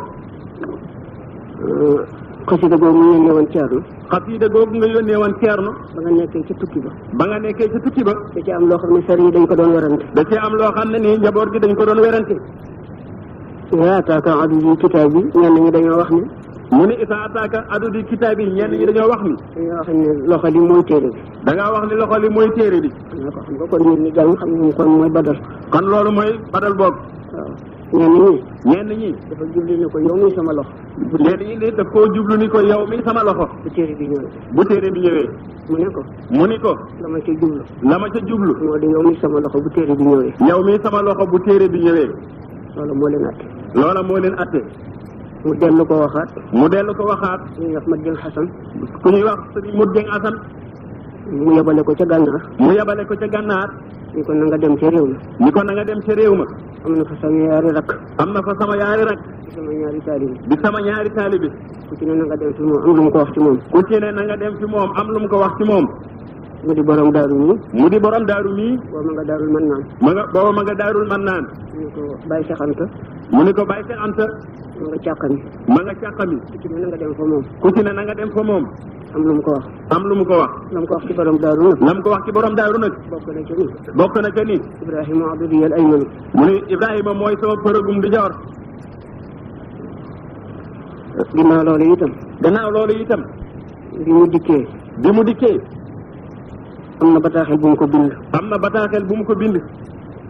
Speaker 2: euh, xasida googu nga yónnee woon ceerno
Speaker 1: xasida googu nga yónnee woon ceerno ba nga nekkee ca tukki ba ba nga nekkee ca tukki ba da am loo xam ne
Speaker 2: sëriñ dañ ko doon werante
Speaker 1: da am loo xam ne nii njaboot gi dañ ko doon werante
Speaker 2: wa ataaka adudi kitaab yi ñenn ñi dañoo wax ne
Speaker 1: mu ne isa ataaka adudi kitaab yi ñenn ñi
Speaker 2: dañoo wax ni dañoo wax ne loxo li mooy téere bi
Speaker 1: da ngaa wax ni loxo li mooy téere bi
Speaker 2: ñoo ko xam nga kon ñun ñi jàng xam ne kon mooy badal
Speaker 1: kon loolu mooy badal boog waaw ñenn ñi ñenn ñi
Speaker 2: dafa jublu ni ko yow mi sama loxo ñenn ñi de daf koo jublu ni ko yow mi sama loxo bu téere bi ñëwee bu téere bi ñëwee mu ne ko mu ni ko la ma ca jublu la ma ca jublu moo di yow mi sama loxo bu téere bi ñëwee
Speaker 1: yow mi sama loxo bu téere bi ñëwee
Speaker 2: loolu moo leen àtte
Speaker 1: loola moo leen atte
Speaker 2: mu dellu ko waxaat mu
Speaker 1: dellu ko waxaat ku ñuy wax mat jëng xasan ku ñuy wax sëriñ mut jëng
Speaker 2: mu yebale ko ca gànnaar mu
Speaker 1: yebale ko ca gànnaar
Speaker 2: ñi ko na nga dem ca réew ma ñi ko na nga dem ca réew ma am na fa sama yaari rak
Speaker 1: am na fa sama yaari rak di sama ñaari taalibi bi sama ñaari taalibi ku ci ne na nga dem fi moom am lu mu
Speaker 2: ko wax ci moom ku ci ne
Speaker 1: na nga dem fi moom am lu mu ko wax ci moom
Speaker 2: mu di borom daaru mii. mu di borom
Speaker 1: daaru mii. booba
Speaker 2: ma nga daarul mën naan. ma nga
Speaker 1: booba ma nga daarul mën naan.
Speaker 2: mu ne ko bàyyi Seex mu ne ko bàyyi Seex Anta. ma nga càqami. ma nga
Speaker 1: càqami. ku ci ne na nga dem fa moom. ku ci ne na nga dem fa
Speaker 2: moom. am lu mu ko wax. am lu mu ko wax. la mu ko wax ci borom daaru nag. ko
Speaker 1: wax ci borom daaru bokk
Speaker 2: na ca nii. bokk na ca nii. Ibrahima abdi yal ay man. mu ne
Speaker 1: Ibrahima mooy sama përëgum di joor.
Speaker 2: ginnaaw loolu itam.
Speaker 1: gannaaw loolu itam.
Speaker 2: bi mu dikkee. bi mu dikkee. am na bataaxel bu mu ko bind.
Speaker 1: am na bataaxel
Speaker 2: bu mu ko bind.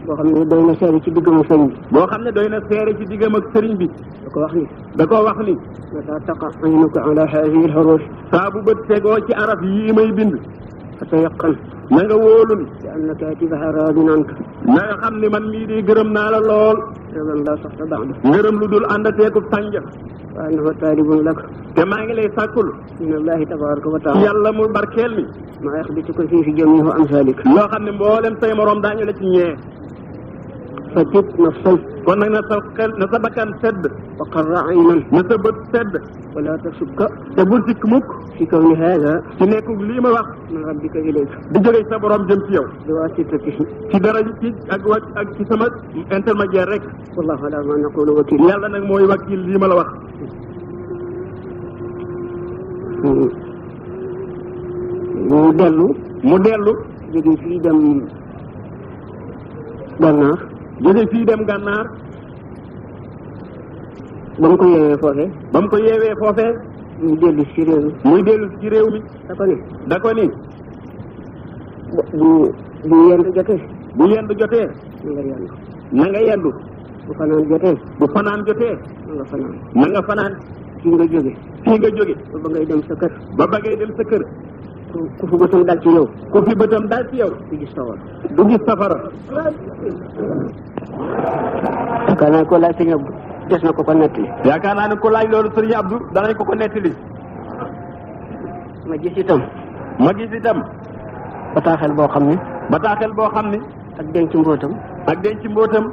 Speaker 2: boo xam ne doy na seere ci diggam ak sëriñ
Speaker 1: bi. boo xam ne doy na seere ci diggam ak sëriñ bi. da ko wax ni. da ko wax ni. mata taqa
Speaker 2: aynuka ala haadihi al-huruf.
Speaker 1: saa bu bët tegoo ci araf yii may bind. فتيقن na nga wóolul bi anna kaatibaha raadin anka na nga xam ne man lii di gërëm naa la lool gërëm laa sax ta ba'da ngërëm lu dul ànd a teeku tànja wa annahu taalibun lak te maa ngi lay sàkkul min allahi tabaraka
Speaker 2: wa taala yàlla mu barkeel mi maa yaxbitu ko fii fi jamihu amsalik loo xam
Speaker 1: ne mboolem say morom daañu la ci ñee
Speaker 2: fatit nafsa
Speaker 1: kon nag na sa xel na sa bakkan wa na sa bët sedd wala tasukka te bul sikk mukk fi kaw ni haada ci nekkug lii ma wax min rabbika ilayk di jógee sa borom jëm ci yow ak wa sama intermédiaire rek wallahu ala ma naqulu wakil yàlla ma wax jóge fii dem gànnaar
Speaker 2: ba mu ko yeewee foofe ba
Speaker 1: mu ko yeewee foofe
Speaker 2: muy dellu ci réew mi muy dellu ci réew ko ni da ko bu bu yendu jotee
Speaker 1: bu yendu jotee na nga yendu
Speaker 2: na nga yendu bu fanaan jotee bu
Speaker 1: fanaan na nga nga fanaan fii nga jóge fii nga jóge ba ba ngay dem sa kër ba ba dem
Speaker 2: sa kër ku fi bëtam dal ci yow. ku fi bëtam dal ci yow. du gis safara. du gis safara. yaakaar naa ko laaj sëñ Abdou des na ko ko nettali.
Speaker 1: yaakaar naa ne ko laaj loolu sëñ Abdou danañ ko ko nettali. ma gis itam. ma gis itam.
Speaker 2: bataaxel boo xam ne.
Speaker 1: bataaxel boo xam ne.
Speaker 2: ak denc mbootam. ak
Speaker 1: denc mbootam.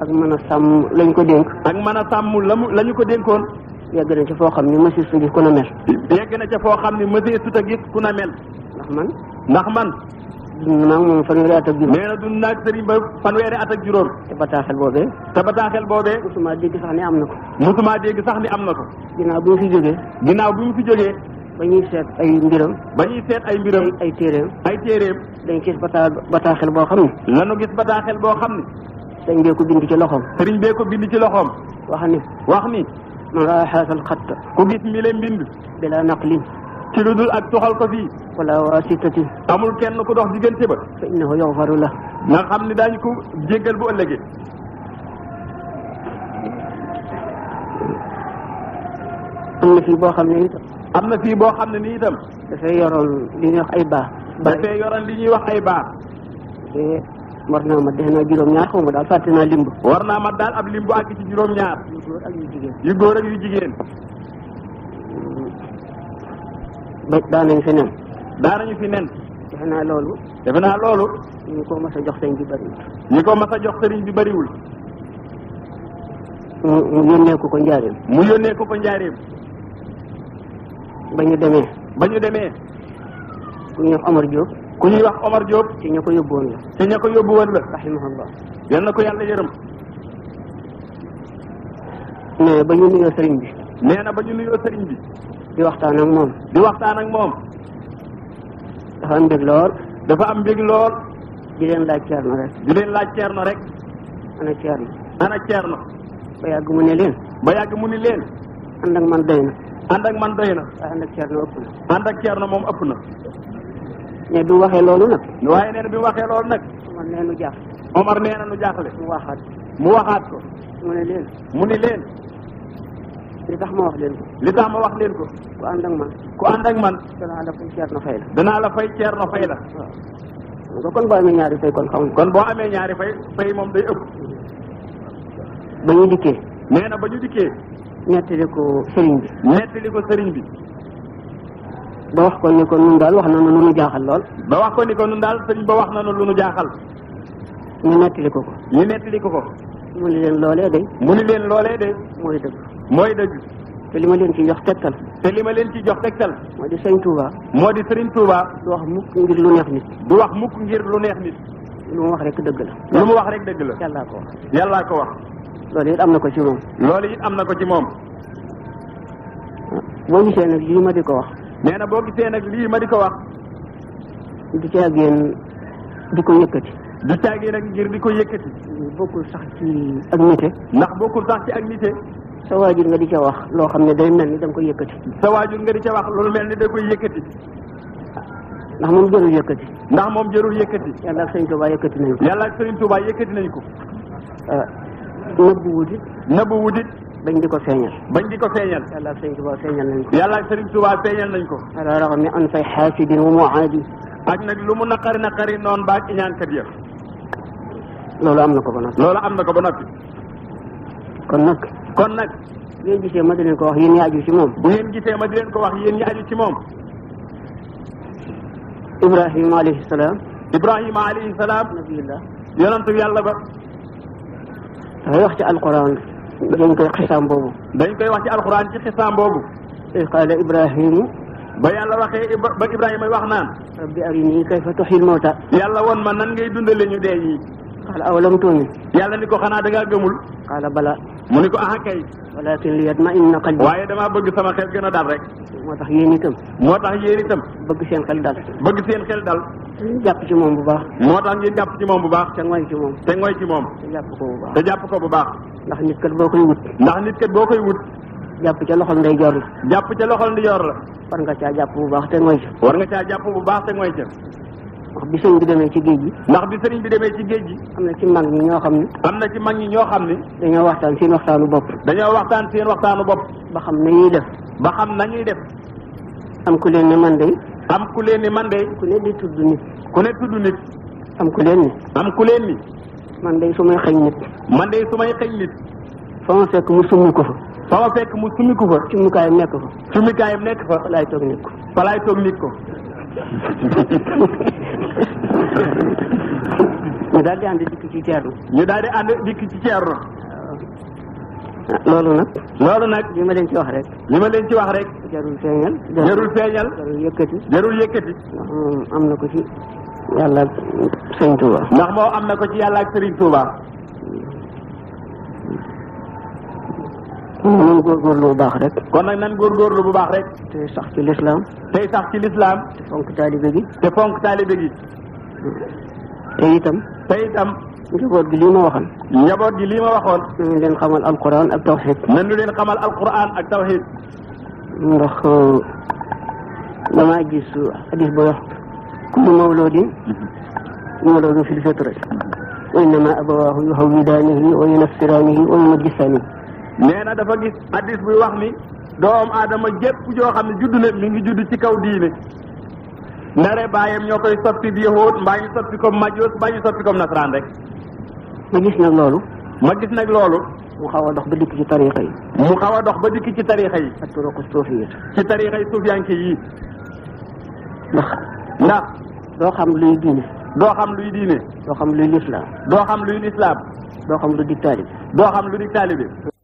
Speaker 2: ak mën a sàmm lañ ko dénk.
Speaker 1: ak mën a sàmm
Speaker 2: la mu ko dénkoon. yegg na ca foo xam ni mësi su gis ku na mel.
Speaker 1: yegg na ca foo xam ni mësi su ta gis ku na mel. ndax man. ndax man.
Speaker 2: dund naa moom fanweeri at ak juróom. nee na
Speaker 1: dund naa ak sëriñ ba fanweeri at ak juróom.
Speaker 2: te bataaxel boobee.
Speaker 1: te bataaxel boobee. musuma dégg sax ni am na ko. musuma dégg sax ni am na ko. ginnaaw bi mu fi jógee. ginnaaw bi mu fi jógee. ba ñuy seet ay mbiram. ba ñuy seet ay mbiram. ay ay téeréem. ay téeréem. dañ gis bataa bataaxel boo xam ni. lanu gis bataaxel boo xam ni. sëriñ bee ko bind ci loxoom. sëriñ bee ko bind ci loxoom. wax ni. wax ni. maa haasal xatta ku gis mi le mbind bila naqlin ci lu dul ak toxal ko fii wala wasitati amul kenn ku dox diggante ba fa innahu yughfaru la nga xam ne daañu ko jéggal bu ëllëgee
Speaker 2: am na fii boo xam ne itam
Speaker 1: am na fii boo xam ne ni itam
Speaker 2: dafay yoroon li ñuy wax ay baax
Speaker 1: dafay yoroon li ñuy wax ay baax
Speaker 2: eh, war naa mat defe naa juróom-ñaar xaw daal fàtte naa limb war
Speaker 1: naa mat daal ab limb bu àgg ci juróom-ñaar yu góor ak yu jigéen yu góor ak yu jigéen daanañu fi nen defe naa loolu defe naa loolu ñu ko mas a jox sëriñ bi bëriwul ñu ko mas a jox sëriñ bi bariwul
Speaker 2: mu yónnee ko ko njaareem
Speaker 1: mu yónnee ko ko njaareem ba demee ba ñu demee
Speaker 2: ku ñuy wax Omar ku ñuy wax Omar Diop. te ña ko yóbbu woon la. te ña ko yóbbu woon la. rahimahullah.
Speaker 1: yal na ko yàlla yërëm.
Speaker 2: nee ba ñu nuyoo sëriñ bi.
Speaker 1: nee na ba ñu nuyoo sëriñ bi.
Speaker 2: di waxtaan ak moom.
Speaker 1: di waxtaan ak moom.
Speaker 2: dafa am mbég lool. dafa am mbég lool. di leen laaj ceerno rek. di
Speaker 1: leen laaj ceerno rek. ana ceerno. ana ceerno.
Speaker 2: ba yàgg mu ne leen.
Speaker 1: ba yàgg mu ne leen. ànd ak man doy na. ànd ak man doy na. waaye ànd ak ëpp na. ànd ak ceerno moom ëpp na.
Speaker 2: mais bi mu waxee loolu nag. waaye nee na bi mu
Speaker 1: waxee loolu nag. Omar nee nu jaaxle. Omar nee na nu jaaxle. mu waxaat mu waxaat ko. mu ne leen. mu ne leen. li tax ma wax leen ko. li tax ma wax leen ko. ku ànd ak man. ku ànd ak man. danaa
Speaker 2: la fay Ceerno Fay la.
Speaker 1: danaa la fay Ceerno Fay la.
Speaker 2: waaw kon boo amee ñaari fay kon xaw kon boo amee
Speaker 1: ñaari fay fay moom day ëpp. ba ñu dikkee. nee na ba ñu dikkee.
Speaker 2: nettali ko sëriñ bi.
Speaker 1: nettali ko sëriñ bi.
Speaker 2: ba wax ko ni ko nun daal wax na nu lu nu jaaxal lool.
Speaker 1: ba wax ko ni ko nun daal sëñ ba wax na nu lu nu jaaxal.
Speaker 2: ñu nettali ko ko. ñu nettali ko ko. mu ni leen loolee day. mooy mooy dëgg. li ma leen ci jox tegtal.
Speaker 1: te li ma leen ci jox tegtal. moo di sëñ moo di sëriñ Touba. du wax mukk lu neex nit. du wax mukk ngir lu neex nit.
Speaker 2: lu mu wax rekk dëgg la. lu mu wax
Speaker 1: rek dëgg la. yàllaa ko wax. ko wax.
Speaker 2: loolu it am na ko ci moom.
Speaker 1: loolu it am na ko ci moom.
Speaker 2: boo gisee nag ma di ko wax.
Speaker 1: nee na boo gisee nag lii ma di ko wax.
Speaker 2: du caageen di ko yëkkati. du
Speaker 1: caageen nag ngir di ko yëkkati. bokkul sax ci
Speaker 2: ak nite. ndax
Speaker 1: bokkul sax ci ak nite.
Speaker 2: sa waajur nga di ca wax loo xam ne day mel ni da nga koy yëkkati.
Speaker 1: sa waajur nga di ca wax loolu mel ni da koy yëkkati.
Speaker 2: ndax moom jërul yëkkati. ndax moom jërul yëkkati. yàlla ak sëriñ Touba yëkkati nañ ko.
Speaker 1: yàlla ak sëriñ Touba yëkkati ko.
Speaker 2: Euh, bañ di ko feeñal
Speaker 1: bañ di ko feeñal yàlla sëriñ feeñal nañ yàlla sëriñ Tuubaa feeñal nañ ko
Speaker 2: ala raxam an fay xaasidin wa muaadi
Speaker 1: ak nag lu mu naqari naqari noonu baag iñaankat ya
Speaker 2: loolu am na ko ba noppi
Speaker 1: loolu am na ko ba noppi kon nag kon nag
Speaker 2: bu ngeen gisee ma di ko wax yéen ci moom bu ngeen
Speaker 1: gisee ma di leen ko wax yéen ñi ci moom
Speaker 2: ibrahima alayhi salaam
Speaker 1: ibrahima alayhi salaam nabiyullah yonantu yàlla ba
Speaker 2: dafay wax ci alquran dañ koy xisaam boobu. dañ koy wax ci alxuraan ci xisaam boobu. is qaala Ibrahima.
Speaker 1: ba yàlla waxee ba Ibrahima wax naan.
Speaker 2: rabbi arinii kayfa tuxyil mawta.
Speaker 1: yàlla woon ma nan ngay dundale ñu dee yi.
Speaker 2: qaala awalam tuumin.
Speaker 1: yàlla ni ko xanaa da ngaa gëmul.
Speaker 2: qaala bala. mu ni ko ah kay. na li yatma'inna qalbi. waaye
Speaker 1: damaa bëgg sama xel gën a dal rek.
Speaker 2: moo tax yéen itam.
Speaker 1: moo tax yéen itam.
Speaker 2: bëgg seen xel dal.
Speaker 1: bëgg seen xel dal.
Speaker 2: jàpp ci moom bu baax. moo
Speaker 1: tax ngeen jàpp ci moom bu baax. te ngoy ci moom. te ngoy moom. te jàpp ko bu baax. te jàpp ndax nit kat boo koy wut. ndax nit kat
Speaker 2: boo koy wut. jàpp ca loxol ndey joor la.
Speaker 1: jàpp ca loxol ndey joor la.
Speaker 2: war nga caa jàpp bu baax te ngoy ca.
Speaker 1: war nga caa jàpp bu baax te ngoy ca.
Speaker 2: ndax bi sëriñ bi demee ci géej gi ndax
Speaker 1: bi sëriñ bi demee ci géej gi
Speaker 2: am na ci mag ñi ñoo xam ne am na ci mag ñi ñoo xam ne dañoo waxtaan seen waxtaanu bopp
Speaker 1: dañoo waxtaan seen waxtaanu bopp ba xam ñuy def ba xam nañuy def am ku leen ne man de am ku leen ne man de ku ne di tudd nit ku ne tudd am ku leen ni am ku leen ni man de su may xëñ nit man de su may xëñ nit
Speaker 2: fa ma fekk mu summi ko
Speaker 1: fa fa ma fekk mu summi ko fa summukaayam nekk fa summukaayam nekk fa fa laay toog nit ko fa laay toog nit ko ñu daal di ànd dikk ci Ceerno. ñu daal di ànd dikk ci Ceerno. loolu nag. loolu nag. li ma leen ci wax rek. li ma leen ci wax rek. jarul feeñal. jarul feeñal.
Speaker 2: jarul yëkkati. ndax moom am na ko ci yàlla Sëriñ Tuuba.
Speaker 1: ndax moom am na ko ci yàllaak ak Sëriñ Tuuba.
Speaker 2: nan góorgóorlu bu baax rek
Speaker 1: kon nag nan góorgóorlu bu baax rek
Speaker 2: te sax ci lislaam
Speaker 1: tey sax ci lislaam te fonk taalibe gi te fonk taalibe gi te itam te itam njaboot gi lii ma waxoon njaboot gi lii ma waxoon nañu leen xamal alquran ak tawxid nañu leen xamal alquran ak tawxid
Speaker 2: ndax euh, damaa gis hadis boo wax kullu mawludin yuladu fil fitra wa innama abawaahu yuhawwidaanihi wa yunassiraanihi wa yumajjisaanihi
Speaker 1: nee na dafa gis addis buy wax ni doomu aadama jépp joo xam ne judd na mi ngi judd ci kaw diine nare bàyyam ñoo koy soppi bi yahut mbaa ñu soppi comme majoos mbaa ñu soppi comme nasaraan rek
Speaker 2: ma gis nag loolu
Speaker 1: ma gis nag loolu
Speaker 2: mu xaw a dox ba dikk ci tariixa yi
Speaker 1: mu xaw a dox ba dikk ci tariixa yi ak turuqu suufiya ci tariixa yi suufiyanke yi ndax ndax doo xam luy diine doo xam luy diine doo xam luy lislaam doo xam luy lislaam doo xam lu di taalibe xam lu di